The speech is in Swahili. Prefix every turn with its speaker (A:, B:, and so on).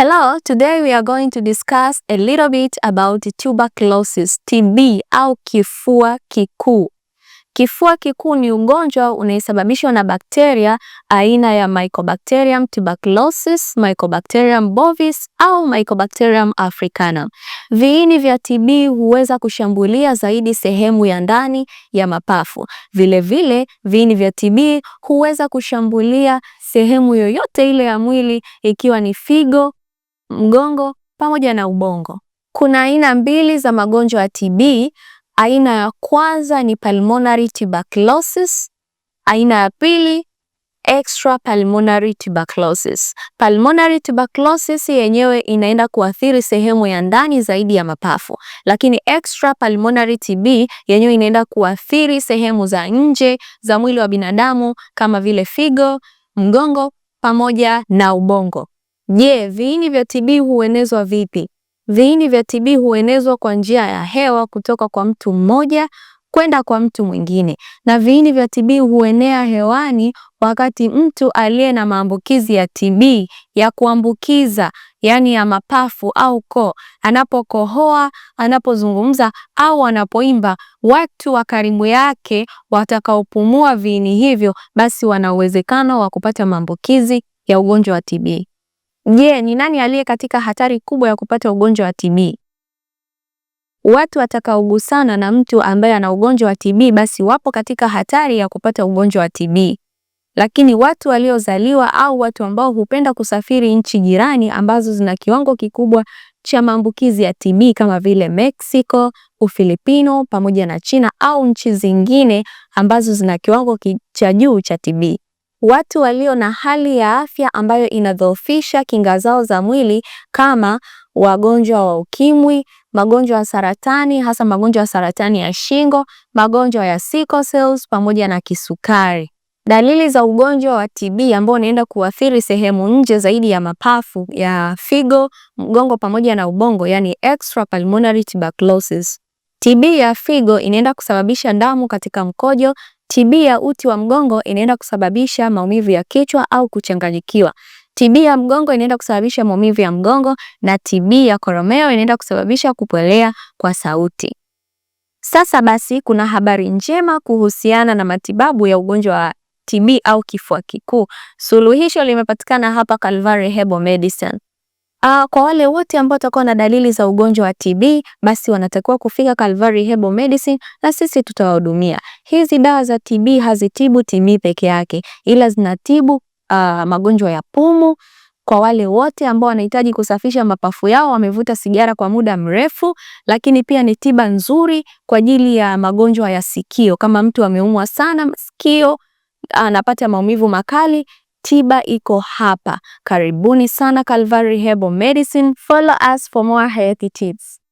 A: Hello, today we are going to discuss a little bit about tuberculosis, TB au kifua kikuu. Kifua kikuu ni ugonjwa unaisababishwa na bakteria aina ya Mycobacterium tuberculosis, Mycobacterium bovis au Mycobacterium africanum. Viini vya TB huweza kushambulia zaidi sehemu ya ndani ya mapafu. Vilevile vile, viini vya TB huweza kushambulia sehemu yoyote ile ya mwili ikiwa ni figo, mgongo pamoja na ubongo. Kuna aina mbili za magonjwa ya TB. Aina ya kwanza ni pulmonary tuberculosis, aina ya pili extra pulmonary tuberculosis. Pulmonary tuberculosis yenyewe inaenda kuathiri sehemu ya ndani zaidi ya mapafu, lakini extra pulmonary TB yenyewe inaenda kuathiri sehemu za nje za mwili wa binadamu kama vile figo, mgongo pamoja na ubongo. Je, viini vya TB huenezwa vipi? Viini vya TB huenezwa kwa njia ya hewa kutoka kwa mtu mmoja kwenda kwa mtu mwingine, na viini vya TB huenea hewani wakati mtu aliye na maambukizi ya TB ya kuambukiza, yaani ya mapafu au koo, anapokohoa, anapozungumza au anapoimba, watu wa karibu yake watakaopumua viini hivyo, basi wana uwezekano wa kupata maambukizi ya ugonjwa wa TB. Je, ni nani aliye katika hatari kubwa ya kupata ugonjwa wa TB? Watu watakaogusana na mtu ambaye ana ugonjwa wa TB basi wapo katika hatari ya kupata ugonjwa wa TB. Lakini watu waliozaliwa au watu ambao hupenda kusafiri nchi jirani ambazo zina kiwango kikubwa cha maambukizi ya TB kama vile Mexico, Ufilipino pamoja na China au nchi zingine ambazo zina kiwango cha juu cha TB watu walio na hali ya afya ambayo inadhoofisha kinga zao za mwili kama wagonjwa wa ukimwi, magonjwa ya saratani, hasa magonjwa ya saratani ya shingo, magonjwa ya sickle cells pamoja na kisukari. Dalili za ugonjwa wa TB ambao unaenda kuathiri sehemu nje zaidi ya mapafu ya figo, mgongo pamoja na ubongo, yani extra pulmonary tuberculosis. TB ya figo inaenda kusababisha damu katika mkojo. TB ya uti wa mgongo inaenda kusababisha maumivu ya kichwa au kuchanganyikiwa. TB ya mgongo inaenda kusababisha maumivu ya mgongo na TB ya koromeo inaenda kusababisha kupolea kwa sauti. Sasa basi, kuna habari njema kuhusiana na matibabu ya ugonjwa wa TB au kifua kikuu. Suluhisho limepatikana hapa Calvary Herbal Medicine. Uh, kwa wale wote ambao watakuwa na dalili za ugonjwa wa TB basi wanatakiwa kufika Calvary Herbal Medicine na sisi tutawahudumia. Hizi dawa za TB hazitibu TB peke yake ila zinatibu uh, magonjwa ya pumu. Kwa wale wote ambao wanahitaji kusafisha mapafu yao, wamevuta sigara kwa muda mrefu, lakini pia ni tiba nzuri kwa ajili ya magonjwa ya sikio. Kama mtu ameumwa sana sikio, anapata maumivu makali, tiba iko hapa. Karibuni sana Calvary Herbal Medicine. Follow us for more healthy tips.